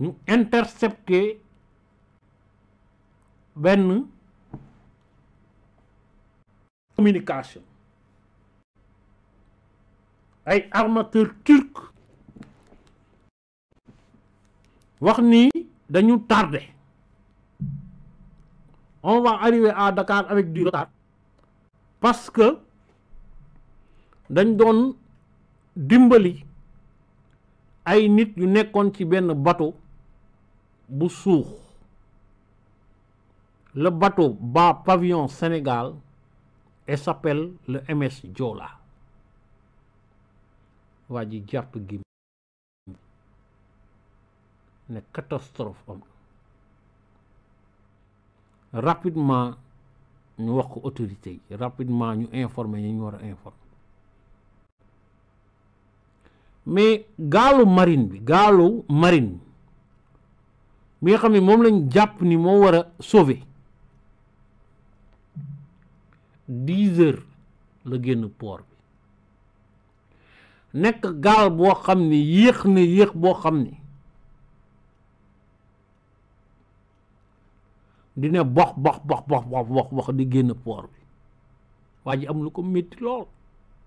ñu intercepté benn communication ay armateur turc wax ni dañu tardé on va arriver à Dakar avec du retard parce que dañ doon dimbali ay nit yu nekkoon ci benn bateau le bateau bas pavillon Sénégal et s'appelle le MS jola Wadi catastrophe rapidement nous avons autorité rapidement nous informer mais galo marine galo marine bi nga xam ne moom lañ jàpp ni moo war a sauver dix la génn poor bi nekk gaal boo xam ne yéex na yéex boo xam ne dina box box box box box box di génn poor bi waa ji am lu ko métti lool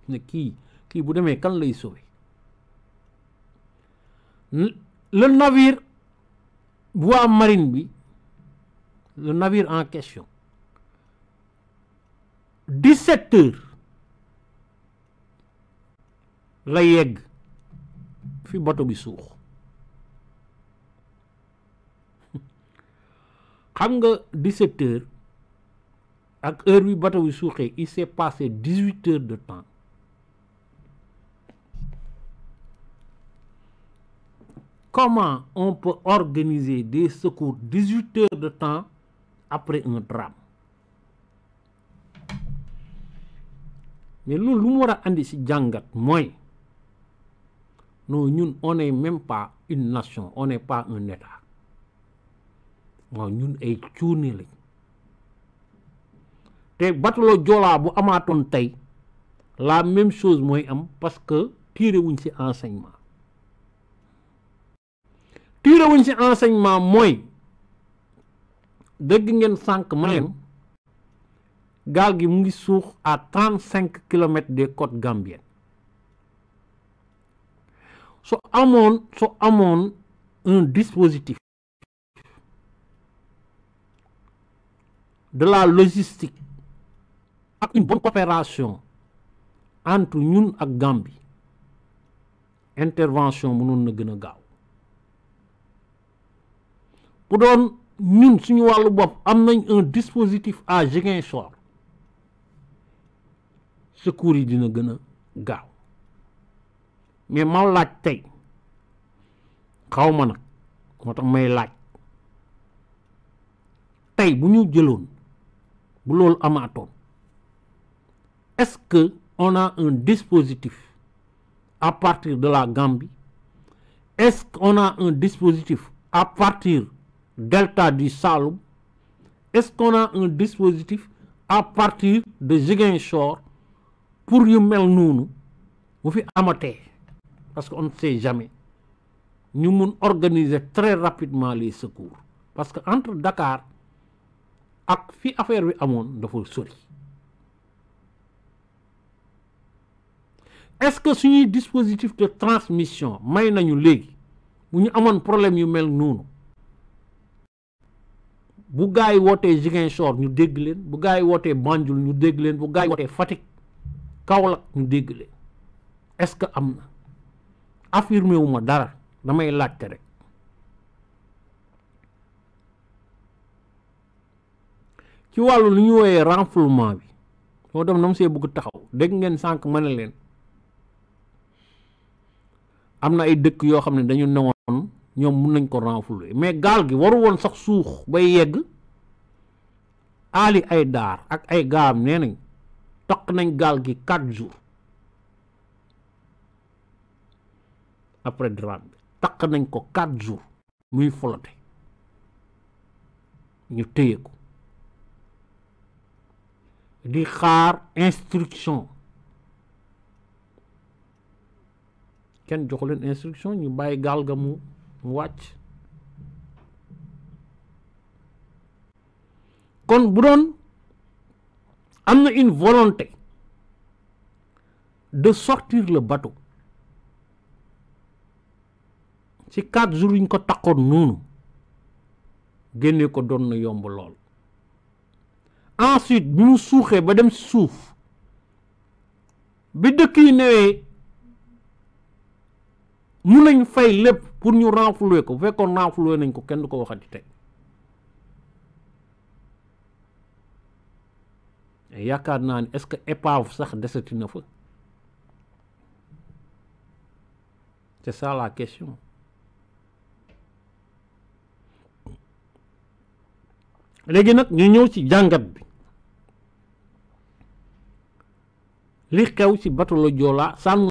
ne kii kii bu demee kan lay sauver le navire voie marine bi le navire en question 17 heures la yegg fi bateau bi suux xam nga 17 heures ak heure bi bateau bi il s'est passé 18 heures de temps Comment on peut organiser des secours 18 heures de temps après un drame mais nous, nous ne sommes andi ci on n'est même pas une nation on n'est pas un état Nous ñun ay cuune lañ te jola bu la même chose parce que tiré wuñ ci enseignement tiire wuñ ci enseignement moy deug ngeen sank ma hmm. gal gi mu ngi suux à 35 km des côtes gambiennes so amone so amone un dispositif de la logistique ak une bonne coopération entre ñun ak Gambie intervention mënon na gëna gaaw bu doon ñun suñu wàllu un dispositif à Ziguinchor secours yi dina gën gaaw mais ma laaj tey xaw ma nag moo may bu est-ce que a un dispositif à partir de la Gambie est-ce qu'on a un dispositif à partir delta du Saloum est-ce qu'on a un dispositif à partir de Ziguinchor pour y nous vous fait fi parce qu'on ne sait jamais nous mun organiser très rapidement les secours parce que entre Dakar ak fi affaire bi faut sori est-ce que ce dispositif de transmission main à un problème yu nous? bu gaa yi wootee Ziguinchor ñu dégg leen bu gaa yi wootee Banjul ñu dégg leen bu gaa yi wootee Fatick Kaolack ñu dégg leen est-ce que am na affirmé wu ma dara damay laajte rek ci wàllu lu ñu wooyee renflouement bi moo dem na mu see bëgg taxaw dégg ngeen sànq ma ne leen am na ay dëkk yoo xam ne dañu newoon ñoom mun nañ ko renflouer mais gaal gi waru woon sax suux bay yegg aali ay daar ak ay gaam nee nañ toq nañ gaal gi quatre jours après drame bi nañ ko quatre jours muy flotter ñu téye ko di xaar instruction kenn joxu leen instruction ñu bàyyi gaal ga mu wàcc kon bu doon am na une volonté de sortir le ci quatre jours yi ko takkoon noonu génne ko doon na yomb lool ensuite bu mu suuxee ba dem ci suuf bi dëkk yi newee mun nañ fay lépp pour ñu renflouer ko bu fekkoon renflouer nañ ko kenn du ko waxati tey yaakaar naa ni est ce que épave sax desati na fa c' est ça la question léegi nag ñu ñëw ci jàngat bi li xew ci batalo joola sànn